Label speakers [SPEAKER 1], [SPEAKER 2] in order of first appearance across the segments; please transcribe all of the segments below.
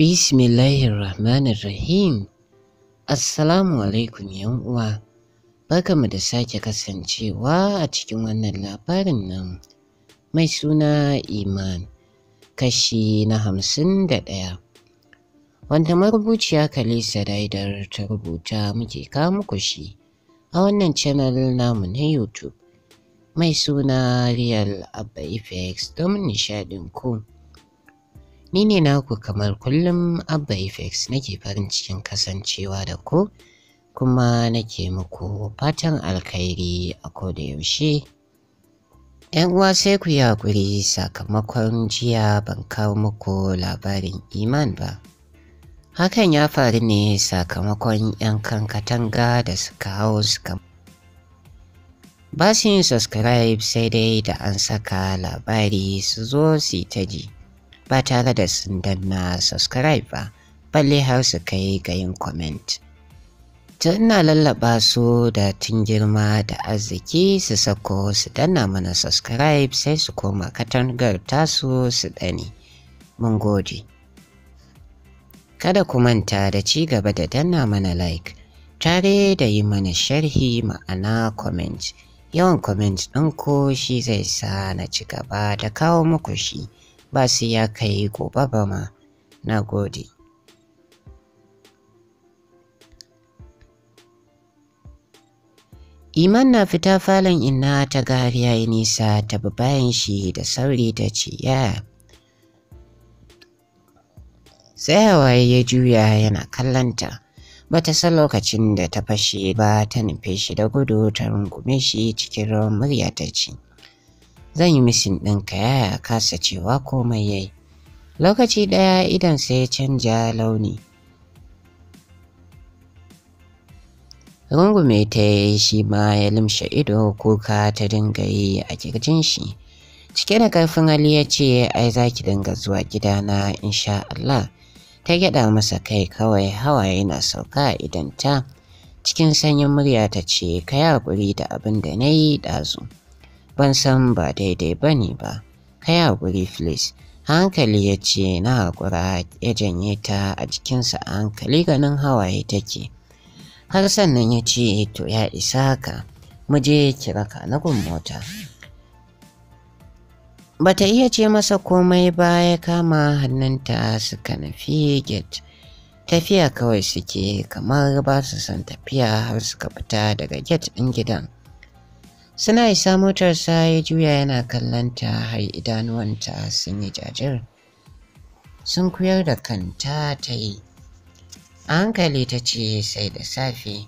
[SPEAKER 1] Bismillahirrahmanirrahim. Assalamu alaikum yan uwa. mu da sake kasancewa a cikin wannan labarin nan. Mai suna Iman, kashi na hamsin da ɗaya. Wanda marubuciya Kalisa Daidar ta rubuta muke kawo kushi shi a wannan channel namu na YouTube. Mai suna Real Abba Effects don nishaɗin ku. Ni ne naku kamar kullum Abba nake farin cikin kasancewa da ku kuma nake muku fatan alkhairi a koda yaushe. ‘Yan uwa sai ku yi hakuri sakamakon jiya ban kawo muku labarin iman ba. Hakan ya faru ne sakamakon kan katanga da suka hau suka ba su yin subscribe sai dai da an saka labari su zo su yi ta ji. ba tare da sun danna subscribe ba balle har su kai ga yin comment tun ina lallaba su da tun girma da arziki su sako su danna mana subscribe sai su koma katangar tasu su dani mun gode kada ku manta da ci gaba da danna mana like tare da yi mana sharhi ma'ana comment yawan comment ɗinku shi zai sa na ci gaba da kawo muku shi ba su ya kai gobe ba ma na gode Iman na fita falon ina ta gari ya yi nisa ta bayan shi da sauri ta ce ya tsayawa ya juya yana kallanta ta san lokacin da ta fashe ba ta nufe shi da gudu ta rungume shi cikin rawan murya ta ce zan yi misin ɗinka ya kasa cewa komai yayi lokaci ɗaya idan sai ya canja launi rungume ta yi shi ma ya limshe ido kuka ta dinga yi a kirjin shi cike da karfin hali ya ce ai za ki dinga zuwa gidana insha Allah ta gyada masa kai kawai hawaye na sauka idan ta cikin sanyin murya ta ce ka yi haƙuri da abin da na yi ɗazu ban san ba daidai ba ne ba kai guri, Felix. hankali ya ce na haƙura ya janye ta a jikinsa a hankali ganin hawaye take har sannan ya ce to ya isa ka muje je kira ka na gun mota bata iya ce masa komai ba ya kama hannunta suka nufi get, tafiya kawai suke kamar ba su son tafiya har suka fita daga get ɗin gidan Suna isa motarsa ya juya yana kallonta har idanuwanta sun yi jajir. Sun kuyar da kanta ta yi. A hankali ta ce sai da safe,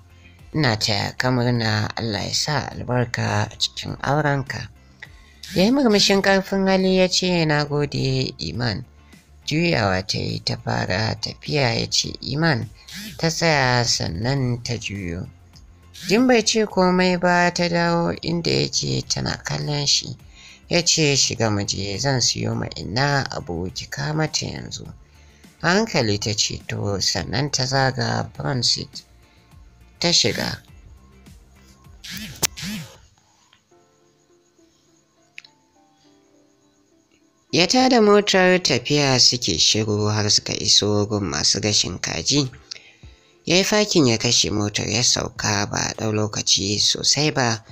[SPEAKER 1] ina taya kamar na Allah ya sa albarka a cikin aurenka. Ya yi murmushin ƙarfin hali ya ce na gode Iman. Juyawa ta yi ta fara tafiya ya ce Iman ta tsaya sannan ta juyo. Jin bai ce komai ba ta dawo inda yake tana kallon shi. Ya ce shiga muje zan siyo ma ina abu kika mata yanzu. hankali ta ce to sannan ta zaga Francis ta shiga. Ya tada motar tafiya suke shiru har suka iso gun masu gashin kaji. ya yi fakin ya kashe motar ya sauka ba a ɗau lokaci sosai ba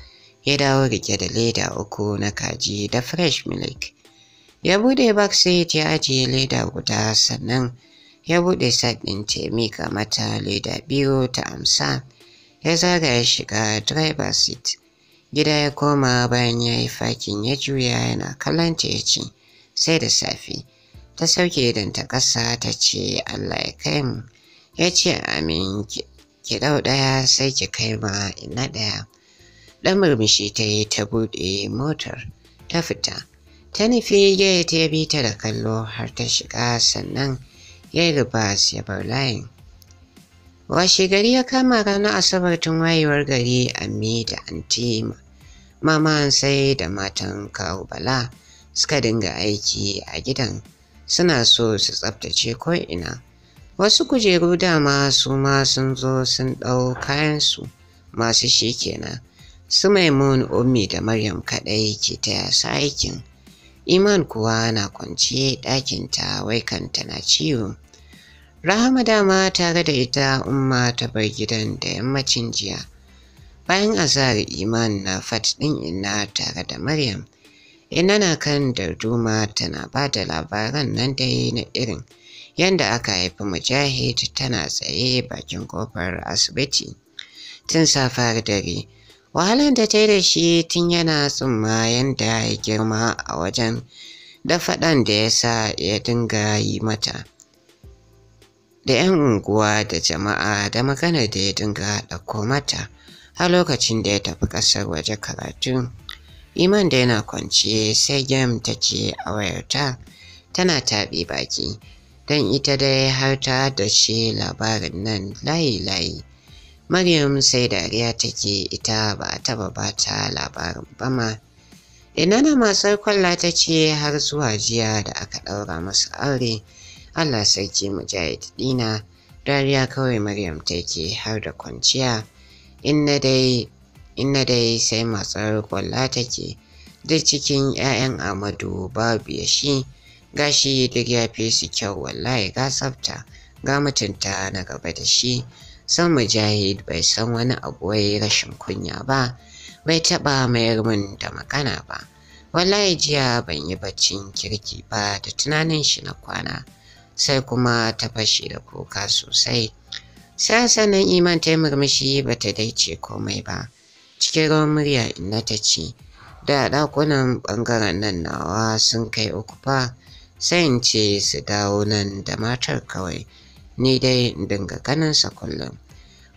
[SPEAKER 1] ya dawo rike da leda uku na kaji da fresh milk ya buɗe backseat ya ajiye leda guda sannan ya buɗe sabbin ɗin ta mata leda biyu ta amsa ya zaga ya shiga driver seat gida ya koma bayan ya yi fakin ya juya yana kallon ta ce sai da safe ta sauke idan ta ƙasa ta ce allah ya kai mu ya ce amin ki dau ɗaya sai ki kai ma ina ɗaya Dan murmushi ta yi ta buɗe motar ta fita ta nufi ya bi ta da kallo har ta shiga sannan ya yi rubas ya bar layin washe gari ya kama ranar asabar tun wayewar gari ammi da anti mama sai da matan kawo bala suka dinga aiki a gidan suna so su tsabtace ko'ina wasu kujeru dama su ma sun zo sun ɗau kayansu masu shi kenan su maimun ummi da maryam kaɗai ke taya su aikin iman kuwa na kwanciye ɗakinta wai kanta na ciwo rahama dama tare da ita umma ta bar gidan da yammacin jiya bayan azar iman na fat ɗin ina tare da maryam ina na kan darduma tana ba da labaran nan dai na irin yanda aka haifi mujahid tana tsaye bakin kofar asibiti tun safar dare wahalar da ta yi da shi tun yana tsumma yanda ya girma a wajen da faɗan da ya sa ya dinga yi mata da 'yan unguwa da jama'a da maganar da ya dinga ɗauko mata a lokacin da ya tafi ƙasar waje karatu iman da yana kwance sai gem ta ce a wayarta tana taɓe baki don ita dai har ta dace labarin nan layi-layi. Maryam sai dariya take ita ba a taba bata labarin ba ma. Ina na masar kwalla ta ce har zuwa jiya da aka ɗaura masa aure, Allah sarki mujahid dina, dariya kawai Maryam take har da kwanciya, inna dai sai masar kwalla take, duk cikin ‘ya'yan Amadu babu ya shi. gashi duk ya fi su kyau wallahi ga tsafta ga mutunta na gaba da shi san mujahid bai san wani abu wai rashin kunya ba bai taɓa mayar mun da magana ba wallahi jiya ban yi baccin kirki ba da tunanin shi na kwana sai kuma ta fashe da kuka sosai sai sanin iman ta yi murmushi ba ta daice komai ba cikin ruwan murya inna ta ce da ɗakunan ɓangaren nan nawa sun kai uku fa sai ce su dawo nan da matar kawai ni dai dinga ganinsa kullum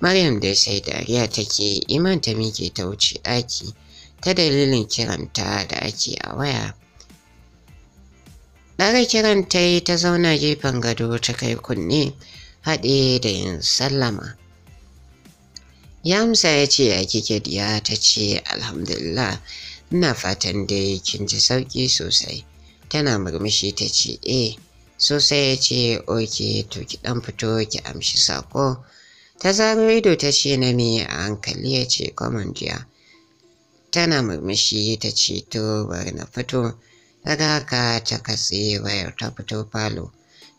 [SPEAKER 1] maryam dai sai dariya take imanta mike ta wuce ɗaki ta dalilin kiranta da ake a waya Ɗara kiran ta ta zauna gefen gado ta kai kunne haɗe da yin sallama amsa ya ce a kike diya ta ce alhamdulillah ina fatan dai kin ji sauƙi sosai tana murmushi ta ce so eh, sosai ya ce oke to ki dan fito ki amshi sako ta zaro ido ta ce na me a hankali ya ce common jiya tana murmushi ta ce to bari na fito daga haka ta katse wayar ta fito falo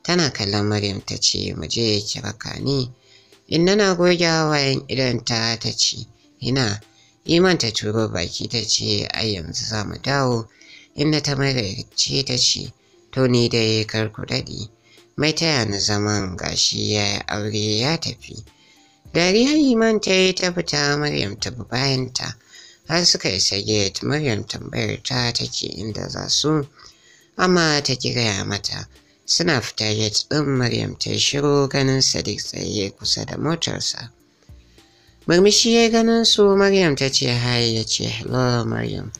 [SPEAKER 1] tana kallon maryam ta ce mu je ki raka ni inna na goge wayan idanta ta ce ina iman ta turo baki ta ce ai yanzu za mu dawo inda ta magance ta ce to ni da ya karku daɗi mai taya na zaman gashi ya aure ya tafi dariyar iman ta yi ta fita maryam ta bi bayanta har suka isa gate maryam tambayar ta take inda za su amma ta kiraya mata suna fita gate ɗin maryam ta shiro ganin sadiq tsaye kusa da motarsa murmushi ya ganin su maryam ta ce hai ya ce hello maryam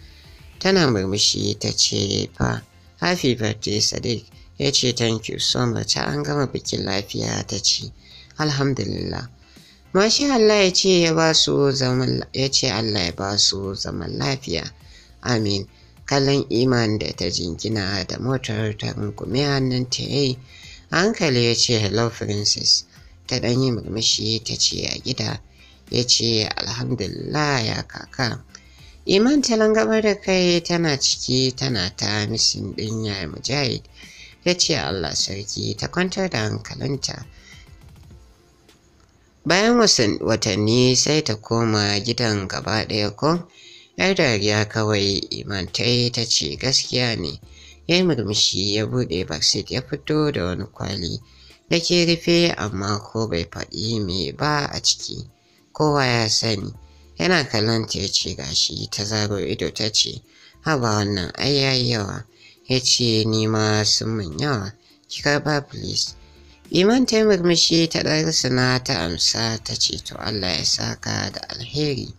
[SPEAKER 1] Tana murmushi ta ce fa Happy birthday Sadiq ya ce thank you so much an gama bikin lafiya ta ce alhamdulillah. Mashi Allah ya ce ya ba su zaman Allah ya ba su zaman lafiya. Amin. Kallon iman da ta jingina da motar ta rungume hannun ta yayi hankali ya ce hello princess ta ɗan murmushi ta ce a gida ya ce alhamdulillah ya kaka Iman ta langabar da kai tana ciki tana ta misin ɗin ya mujahid ya ce Allah sarki ta kwantar da hankalinta. Bayan watanni sai ta koma gidan gaba ɗaya ko? ‘Yar dariya kawai Iman ta yi ta ce gaskiya ne, ya murmushi ya buɗe baksit ya fito da wani kwali da rufe amma ko bai faɗi me ba a ciki, kowa ya sani. yana kallon ta ya ce shi ta zaro ido ta ce haba wannan ai yayi yawa ya ce ni ma sun min yawa ki karba please iman ta yi murmushi ta ɗari suna ta amsa ta ce to Allah ya saka da alheri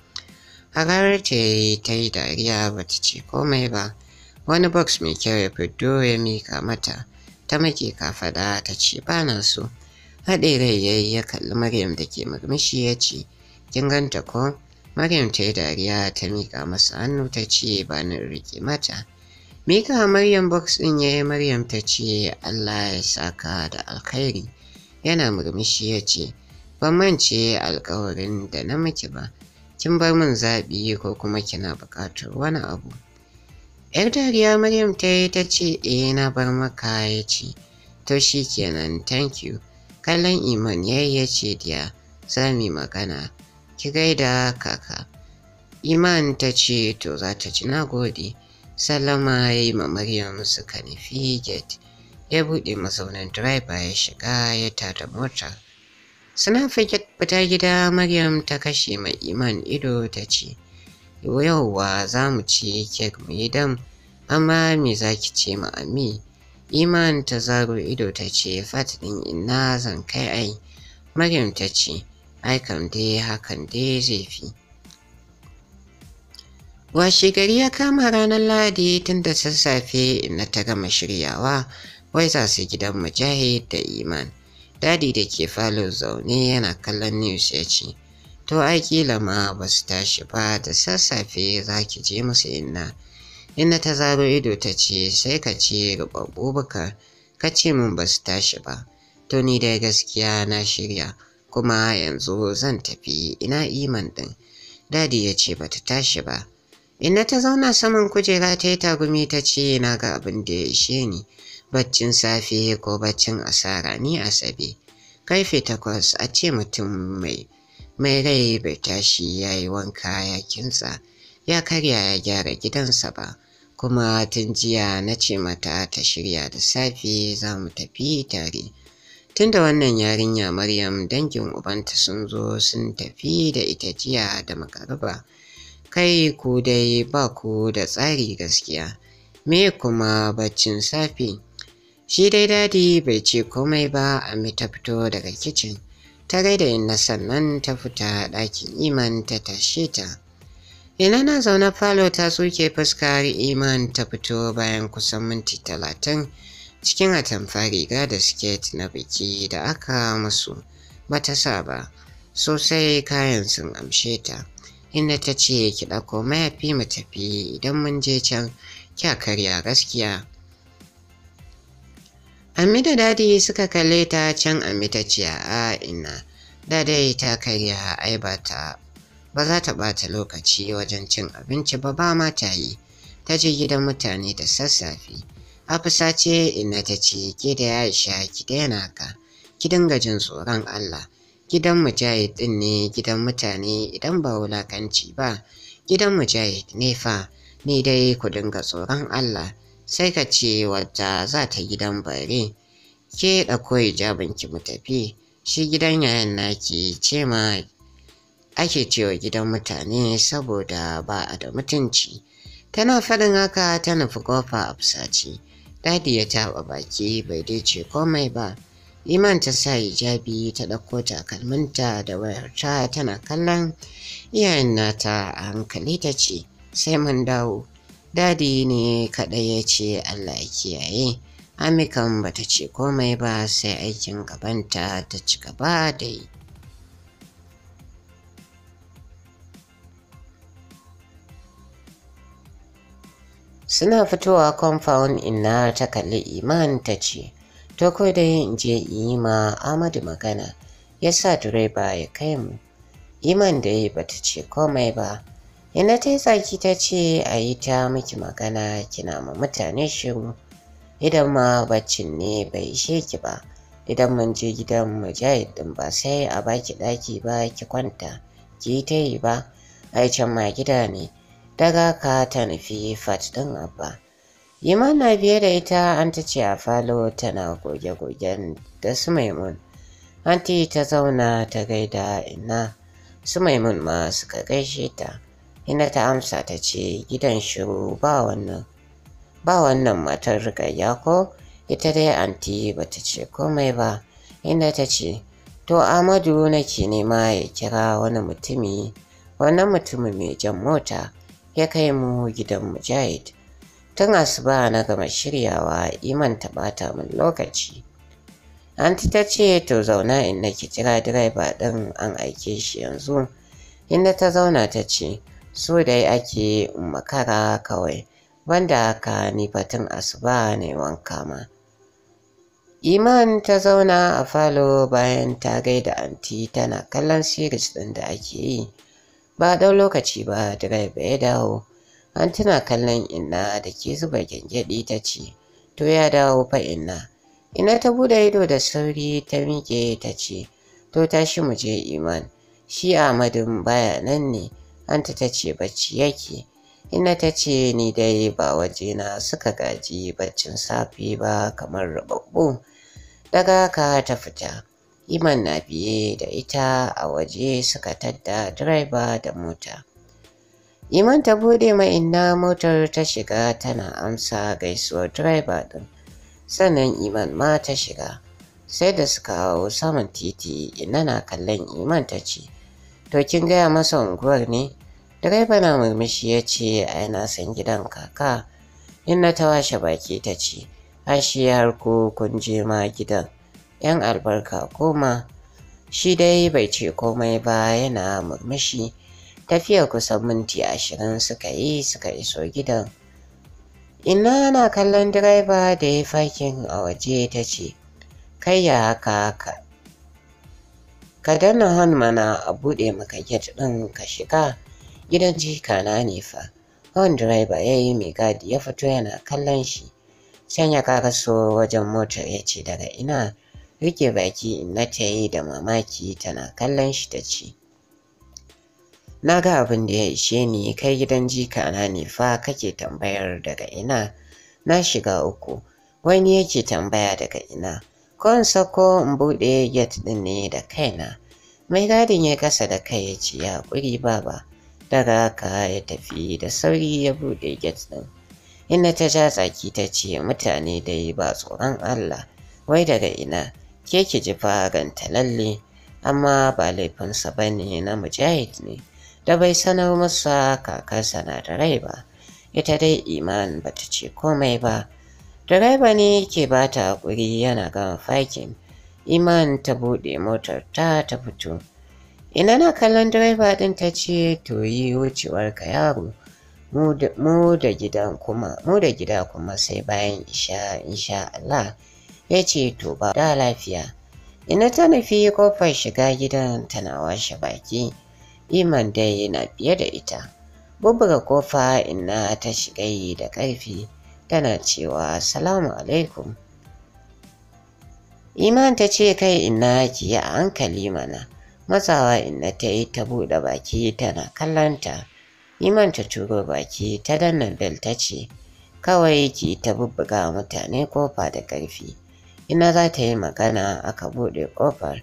[SPEAKER 1] a ranar ta yi ta yi dariya ba ta ce komai ba wani box mai kyau ya fito ya mika mata ta make kafaɗa ta ce ba na so haɗe rai ya ya kalli Maryam da ke murmushi ya ce, Kin ganta ko? Maryam ta yi dariya ta miƙa masa hannu ta ce ba riƙe mata. Mika Maryam box ɗin ya yi Maryam ta ce Allah ya saka da alkhairi. Yana murmushi ya ce, ban mance alkawarin da na miki ba, kin bar min zaɓi ko kuma kina buƙatar wani abu. ‘Yar dariya Maryam ta yi ta ce, eh na bar maka ya ce, to shi kenan thank you. Kallon Iman ya yi ya ce, diya, za mu magana. ki gaida kaka. Iman ta ce to za ta ci na gode. Salama ya yi ma Maryam suka nufi gate. Ya buɗe mazaunin driver ya shiga ya tada mota Suna fita gida Maryam ta kashe ma Iman ido ta ce, Yauwa za mu ci kek mu yi dam, amma me za ki ce ma Ami? Iman ta zaro ido ta ce, Fat ɗin ina zan kai ai. Maryam ta ce, aikan da dai hakan dai zai fi washe gari ya kama ranar lahadi tun da sassafe na ta gama shiryawa wai za su gidan mujahid da iman dadi da ke falo zaune yana kallon news ya ce to ai kila ma ba su tashi ba da sassafe za ki je musu inna inna ta zaro ido ta ce sai ka ce rubabbu baka ka ce min ba su tashi ba to ni dai gaskiya na shirya kuma yanzu zan tafi ina iman ɗin. Dadi ya ce bata tashi ba. Ina ta zauna saman kujera ta yi tagumi ta ce na ga abin da ya ishe ni. Baccin safe ko baccin asara ni asabe. Karfe takwas a ce mutum mai mai rai bai tashi ya yi wanka ya kintsa ya karya ya gyara gidansa ba. Kuma tun jiya na ce mata ta shirya da safe za mu tafi tare. Tunda wannan yarinya Maryam dangin ubanta sun zo sun tafi da ita jiya da magaraba. Kai ku dai ba ku da tsari gaskiya. Me kuma baccin safi Shi dai dadi bai ce komai ba a ta fito daga kicin. Ta gaida inna sannan ta fita ɗakin iman ta tashe ta. Ina na zaune falo ta suke fuskar iman ta fito bayan kusan minti talatin. cikin atamfa riga da siket na biki da aka musu ta sa ba sosai kayan sun amshe ta inda ta ce ki ɗauko mayafi mu tafi idan mun je can kya karya gaskiya Ami da dadi suka kalle ta can Ami ta ce a ina dadai ta karya ai ba ta ba za ta ɓata lokaci wajen cin abinci ba ba ma ta yi ta je gidan mutane da sassafe Afisa ce inna ta ce ke da Aisha ki daina ka ki dinga jin tsoron Allah gidan mujahid din ne gidan mutane idan ba wulakanci ba gidan mujahid ne fa ni dai ku dinga tsoron Allah sai ka ce wata za ta gidan bare ke ɗauko hijabin ki mu tafi shi gidan yayan naki ce ma ake cewa gidan mutane saboda ba a da mutunci tana faɗin haka ta nufi kofa a fusace Dadi ya taɓa baki bai dai ce komai ba. Iman ta sa hijabi ta ɗauko takalminta da wayarta tana kallon iyayen nata a hankali ta ce sai mun dawo. Dadi ne kaɗai ya ce Allah ya kiyaye. Amikan bata ce komai ba sai aikin gabanta ta ci gaba da yi. Suna fitowa kwamfawon inna ta kalli iman ta ce, To kai da yin je yi ma Amadu magana, ya sa direba ya kai mu. Iman da yi bata ce komai ba. Ina ta yi tsaki ta ce a yi ta miki magana kina ma mutane shiru. Idan ma baccin ne bai ishe ki ba. Idan mun je gidan mujahid din ba sai a baki daki ba ki kwanta ki yi ta yi ba. Ai can ma gida ne. daga ka ta nufi fat ɗin abba. Yimana biye da ita an ta ce a falo tana goge-gogen da su maimun. Anti ta zauna ta gaida ina su maimun ma suka gaishe ta. Ina ta amsa ta ce gidan shiru ba wannan. Ba wannan matar rigayya ko ita dai anti bata ce komai ba. Ina ta ce to Amadu nake nema ya kira wani mutumi wannan mutumin mai jan mota. ya kai mu gidan Mujahid. Tun asuba na gama shiryawa iman ta bata min lokaci. Anti ta ce to zauna in nake jira direba din an aike shi yanzu. Inda ta zauna ta ce so dai ake makara kawai wanda haka ni fatin asuba ne wanka ma. Iman ta zauna a falo bayan ta gaida anti tana kallon siris ɗin da ake yi. ba ɗau lokaci ba direba ya dawo an tuna kallon inna da ke zuba gyangyaɗi ta ce to ya dawo fa inna Ina ta buɗe ido da sauri ta miƙe ta ce to tashi mu je iman shi amadin baya nan ne anta ta ce bacci yake ina ta ce ni dai ba waje na suka gaji baccin safe ba kamar rababbu daga ka ta fita Iman na biye da ita a waje suka tadda direba da mota. Iman ta bude mai inna motar ta shiga tana amsa gaisuwar direba din. Sannan Iman ma ta shiga. Sai da suka hau saman titi ina na kallon Iman ta ce, To kin gaya masa unguwar ne? Direba na murmushi ya ce, a na san gidan kaka. Inna ta washe baki ta ce, Ashe har ko kun je ma gidan. 'yan albarka koma Shi dai bai ce komai ba yana murmushi. Tafiya kusan minti ashirin suka yi suka iso gidan. Ina na kallon direba da ya fakin a waje ta ce, Kai ya haka haka. Ka danna hon mana a buɗe maka get ɗin ka shiga gidan jika na ne fa. Hon direba ya yi mai gadi ya fito yana kallon shi. Can ya karaso wajen motar ya ce daga ina rike baki inna ta yi da mamaki tana kallon shi ta ce na ga abin da ya ishe ni kai gidan jika na ne fa kake tambayar daga ina na shiga uku wani yake tambaya daga ina ko in sako in buɗe get ɗin ne da kaina mai gadin ya kasa da kai ya ce ya ƙuri baba daga haka ya tafi da sauri ya buɗe get ɗin ina ta ja tsaki ta ce mutane dai ba tsoron Allah wai daga ina ke ki ji faranta lalle amma ba laifinsa ba ne na mujahid ne da bai sanar masa kakarsa na da rai ba ita dai iman ba ta ce komai ba direba ne ke ba ta haƙuri yana gama fakin iman ta buɗe motar ta ta fito ina na kallon direba ɗin ta ce to yi wucewar ka yaro mu da gida kuma sai bayan isha insha Allah ya ce to ba da lafiya. Ina ta nufi kofar shiga gidan tana washe baki, Iman dai yana fiye da ita. bubuga kofa ina ta shiga yi da ƙarfi tana cewa salamu alaikum. Iman ta ce kai ina ki yi a hankali mana, matsawa ina ta yi ta buɗe baki tana kallanta. Iman ta turo baki ta danna bel ce, kawai ki ta bubuga mutane kofa da ƙarfi. Ina za ta yi magana a ka buɗe ƙofar.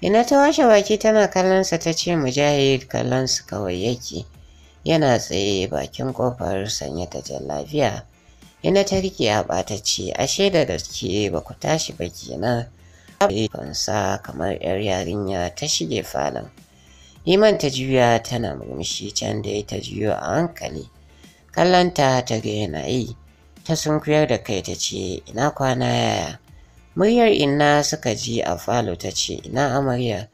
[SPEAKER 1] Ina ta washe baki tana kallonsa ta ce mujahid su kawai yake. Yana tsaye bakin ƙofar sanye da lafiya Ina ta rike a ce ashe da gaske ba ku tashi ba kenan. Fansa kamar 'yar yarinya ta shige falon. Iman ta juya tana murmushi can da ta juyo a hankali. Kallonta ta ga yana yi. Ta sunkuyar da kai ta ce ina kwana yaya. Muryar ina suka ji a falo ta ce, na amarya,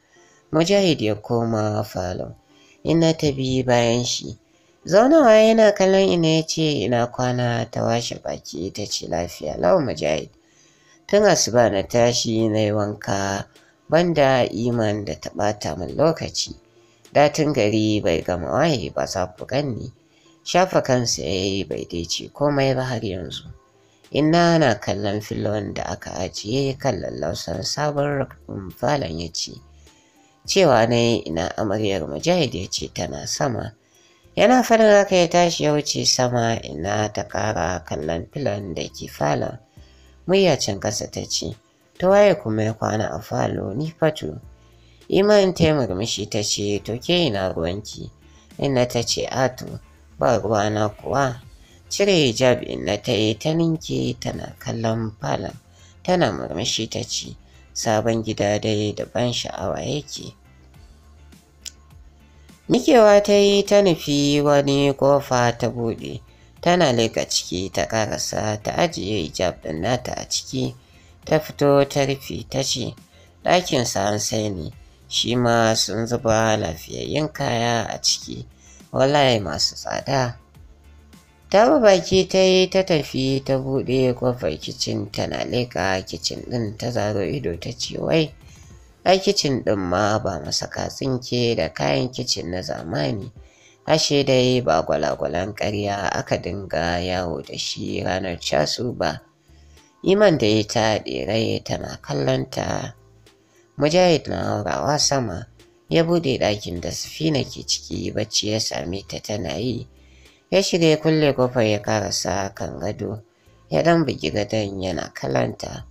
[SPEAKER 1] Mujahid ya koma falo. Inna ta bi bayan shi. Zaunawa yana kallon ina ya ce, Ina kwana ta washe baki ta ce lafiya, lau Mujahid. Tun asuba na tashi na yi wanka banda iman da ta ɓata min lokaci. Datin gari bai gama waye ba za ku ganni. Shafa kansa ya yi bai dace, komai ba har yanzu. Ina na kallon filon da aka ajiye kan lallausar sabon falon ya ce, Cewa na yi ina amaryar mujahid ya ce tana sama. Yana farin haka ya tashi ya wuce sama ina ta kara kallon filon da ke falon. Muyyacin kasa ta ce, Ta waye kuma ya kwana a falo ni fatu. Iman ta murmushi ta ce, To ke ina ruwanki? Inna ta ce, Ato, ba ruwana kuwa. Cire hijab ɗin na ta yi ta ninke tana kallon falon. Tana murmushi ta ce, sabon gida dai da ban sha'awa yake. Mikewa ta yi ta nufi wani kofa ta buɗe, tana leka ciki ta ƙarasa ta ajiye hijab ɗin nata a ciki, ta fito ta rufe ta ce, ɗakin an sai ne, shi ma sun zuba lafiyayyen kaya a ciki, wallahi masu tsada. ta ba baki ta yi ta tafi ta buɗe kofar kicin tana leƙa kicin ɗin ta zaro ido ta ce wai a kicin ɗin ma ba masaka tsinke da kayan kicin na zamani ashe dai ba gwalagwalan ƙarya aka dinga yawo da shi ranar casu ba iman da ya ta ɗerai tana kallon ta mujahid na haurawa sama ya buɗe ɗakin da safina ke ciki bacci ya same ta tana yi ya shiga kulle kofar ya karasa kan gado ya dan bugi gadon yana kalanta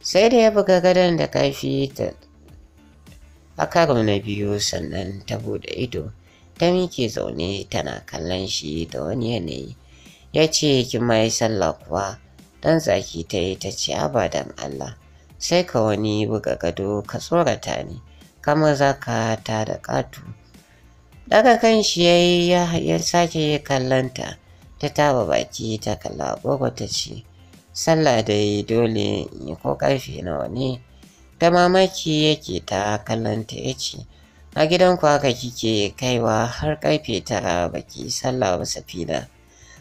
[SPEAKER 1] sai da ya buga gadon da kafi ta a karo na biyu sannan ta bude ido ta mike zaune tana kallon shi da wani yanayi ya ce kin ma yi sallah kuwa dan zaki ta yi ta ce abadan Allah sai ka wani buga gado ka tsorata ne kamar za ta da ƙatu daga kan shi ya yi ya sake kallonta ta taba baki ta kalla agogo ta ce sallah dai dole yi ko karfe nawa ne ta mamaki yake ta kallonta ya ce a gidan haka kike kaiwa har karfe tara baki sallah ba safina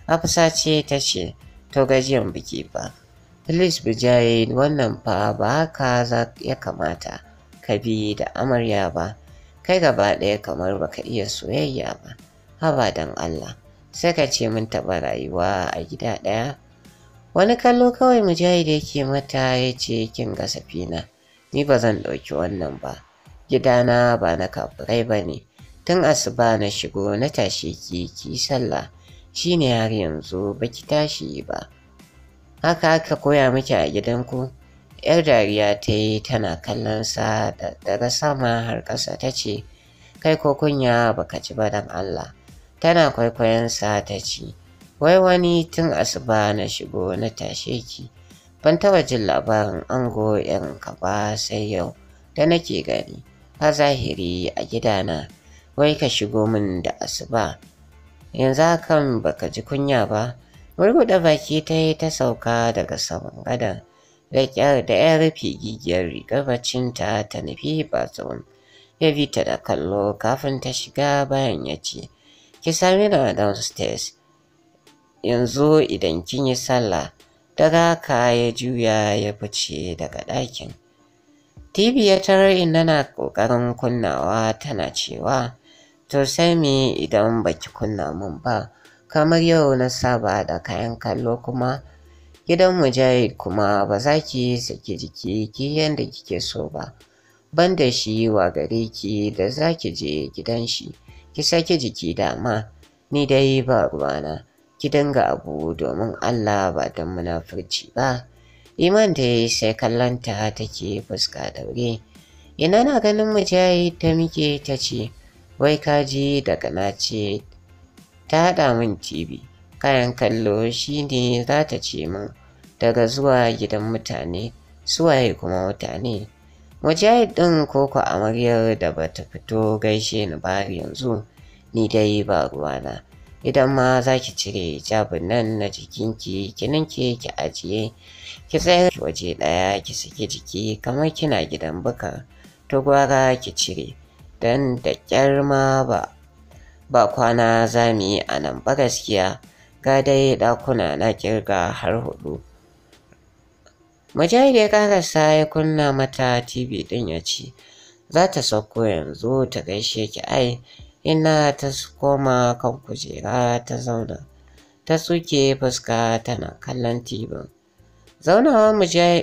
[SPEAKER 1] fusa ce ta ce to gajiyan biki ba filis Bijayin wannan fa ba haka ya kamata ka bi da amarya ba. kai gaba ɗaya kamar ba ka iya soyayya ba haba dan Allah sai ka ce mun taɓa rayuwa a gida ɗaya wani kallo kawai mujahid yake mata ya ce kin ga safina ni ba zan ɗauki wannan ba gidana ba na kafirai ba ne tun asuba na shigo na tashi ki ki sallah shine har yanzu baki tashi ba haka aka koya miki a gidanku yar dariya ta yi tana kallon sa daga sama har ƙasa ta ce kai ko kunya baka ci ba don Allah tana kwaikwayon sa ta ce wai wani tun asuba na shigo na tashe ki ban taɓa jin labarin ango irin ka ba sai yau da nake gani ha zahiri a gidana wai ka shigo min da asuba yanzu hakan baka ji kunya ba murguɗa baki ta yi ta sauka daga saman gadan da kyar da ya rufe gigiyar rigar bacinta ta nufi bathroom ya bi ta da kallo kafin ta shiga bayan ya ce ki sami na downstairs yanzu idan kin yi sallah daga ka ya juya ya fice daga ɗakin TV ya tarar ina na ƙoƙarin kunnawa tana cewa to sai me idan baki kunna mun ba kamar yau na saba da kayan kallo kuma Gidan Mujahid kuma ba za ki sake jiki ki yadda kike so ba. Banda shi wa gare ki da za ki je gidan shi, ki sake jiki dama, ni dai ba ruwana, ki dinga abu domin Allah ba don munafurci ba. Iman dai sai kallonta take fuska daure. Ina na ganin Mujahid ta mike ta ce, wai kaji daga na ce, ta haɗa min TV. kayan kallo shi ne za ta ce min daga zuwa gidan mutane suwaye kuma mutane mujahid ɗin koko amaryar da ba ta fito gaishe ni ba yanzu ni dai ba ruwana idan ma za ki cire jabin nan na jikinki ki ninke ki ajiye ki tsayar waje ɗaya ki saki jiki kamar kina gidan buka to gwara ki cire Dan da ƙyar ma ba ba kwana za mu yi a nan ba gaskiya ga dai ɗakuna na kirga har hudu mujahid ya karasa ya kunna mata tv ɗin ya ci. za ta sauko yanzu ta gaishe ki ai ina ta koma kan kujera ta zauna ta suke fuska tana kallon tibin zaunawa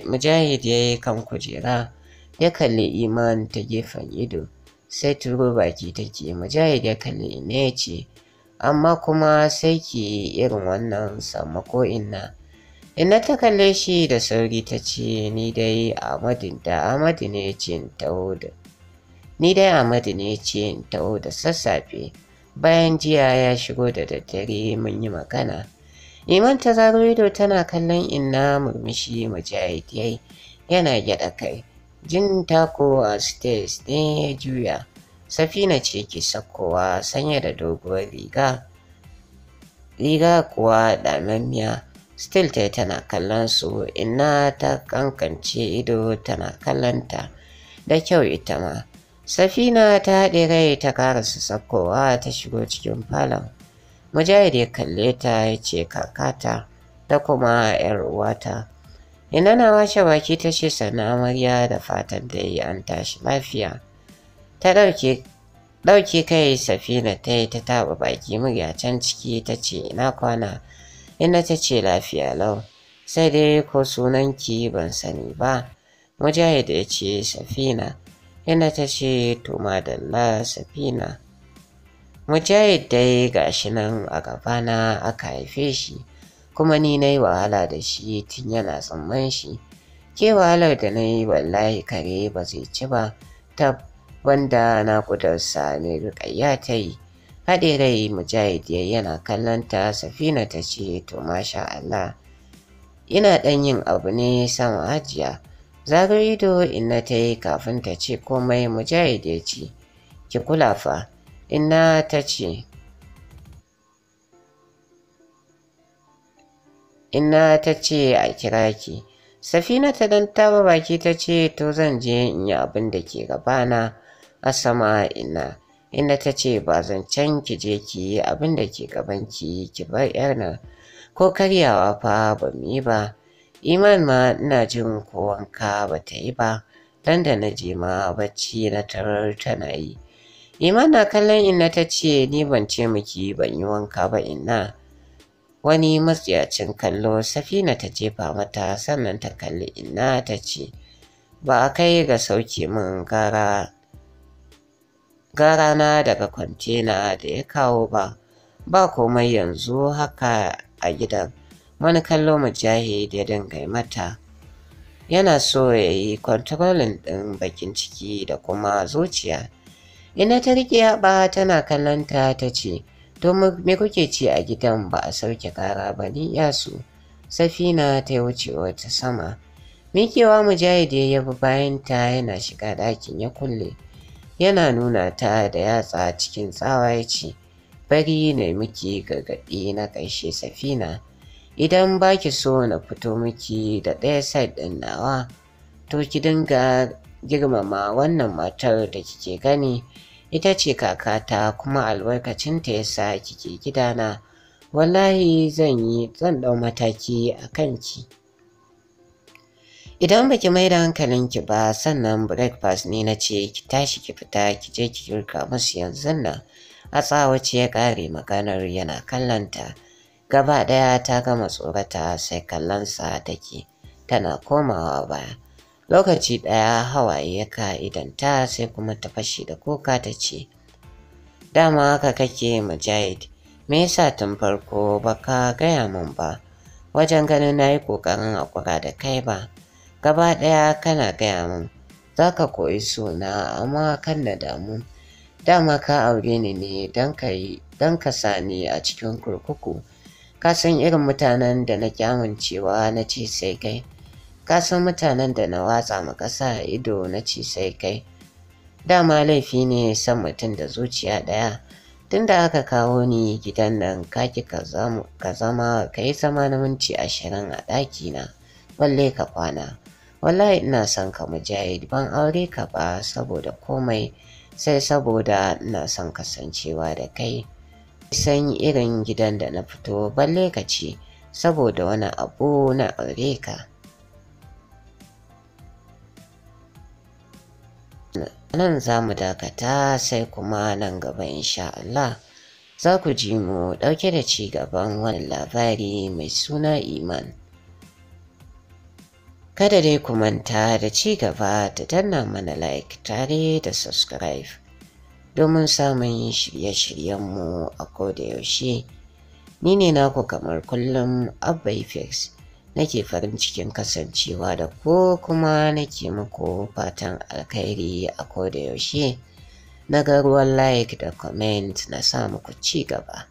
[SPEAKER 1] mujahid ya yi kan kujera ya kalli iman ta gefen ido sai turo baki take mujahid ya kalli ne ya ce amma kuma sai ki irin wannan sammako inna. Inna ta kalle shi da sauri ta ce ni dai Amadu da ne ce in da ni dai ne ce in taho da sassafe bayan jiya ya shigo da daddare mun yi magana. Iman ta zaro ido tana kallon inna murmushi mujahid yana gyaɗa kai. Jin tako a stage ɗin ya juya. Safina ce ke sakkowa sanya da doguwar riga. Riga kuwa damammiya still yi tana kallon su Ina ta kankance ido tana kallonta da kyau ita ma. Safina ta haɗe rai ta karasa sakkowa ta shigo cikin falon. Mujahid ya kalle ta ya ce kakata da kuma ‘yar uwata. Ina na washe baki ta ce sannan amarya da fatan da yi an tashi lafiya. ta ɗauke ɗauke kai safina ta yi ta taɓa baki murya can ciki ta ce ina kwana ina ta ce lafiya lau sai dai ko sunan ki ban sani ba mujahid ya ce safina ina ta ce to madalla safina mujahid dai gashi nan a gabana aka haife shi kuma ni na yi wahala da shi tun yana tsamman shi ke wahalar da na yi wallahi kare ba zai ci ba tab wanda na naƙudarsa mai rukayya ta yi. Haɗe rai mujahid ya yana kallon ta safina ta ce to masha Allah. Ina ɗan yin abu ne sama hajiya. Zagar ido inna ta yi kafin ta ce komai mujahid ya ce, ki kula fa, inna ta ce, inna ta ce a kira ki. Safina ta dan taba baki ta ce to zan je in yi abin da ke gabana Asama ina inda ta ce ba zancen ki je ki yi abin da ke gaban ki ki bar yar nan ko karyawa fa ba mu yi ba iman ma ina jin ko wanka ba ta yi ba dan da na je ma bacci na tarar tana yi iman na kallon inna ta ce ni ban ce miki ban yi wanka ba ina. wani matsiyacin kallo safina ta jefa mata sannan ta kalli ina ta ce ba a kai ga sauke min gara ga rana daga kwantena da ya kawo ba ba komai yanzu haka a gidan wani kallo mujahid ya dinga mata yana so ya yi kwantarolin ɗin bakin ciki da kuma zuciya ina ta riƙe ba tana kallonta ta ce to me kuke ci a gidan ba a sauke kara ba ni yasu safina ta wuce wata sama mikewa mujahid ya bayan bayanta yana shiga ɗakin ya kulle yana nuna ta da yatsa cikin tsawa ya ce bari ne miki gargaɗi na ƙarshe safina idan ba ki so na fito miki da ɗaya side ɗin nawa to ki dinga girmama wannan matar da kike gani ita ce kakata kuma albarkacinta ya sa kike gidana wallahi zan yi zan ɗau mataki a kanki. idan baki mai da hankalin ki ba sannan breakfast ne na ce ki tashi ki fita ki je ki girka musu yanzu nan a tsawace ya ƙare maganar yana kallanta gaba ɗaya ta gama tsorata sai kallonsa take tana komawa baya lokaci ɗaya hawaye ya ka idanta sai kuma ta fashe da kuka ta ce dama haka kake mujahid me yasa tun farko baka gaya mun ba wajen ganin na yi ƙoƙarin haƙura da kai ba gaba ɗaya kana gaya min za ka koyi suna amma kan na damu dama ka aure ni ne don ka sani a cikin kurkuku ka san irin mutanen da na kyamuncewa na ce sai kai ka san mutanen da na watsa ma ƙasa ido na ce sai kai dama laifi ne san mutum da zuciya ɗaya tun da aka kawo ni gidan nan kaki ka zama ka yi zama na minti ashirin a ɗakina balle ka kwana wallahi ina son ka mujahid ban aure ka ba saboda komai sai saboda ina son kasancewa da kai san irin gidan da na fito balle ka ce saboda wani abu na aure ka nan za mu dakata sai kuma nan gaba insha Allah za ku ji mu ɗauke da ci gaban wani labari mai suna iman. Kada dai ku manta da ci gaba da danna mana like tare da subscribe domin samun shirye-shiryenmu a kodayaushe. Ni ne naku kamar kullum Abba fix nake farin cikin kasancewa da ko kuma nake muku fatan alkhairi a kodayaushe na ga ruwan like da comment na sa muku ci gaba.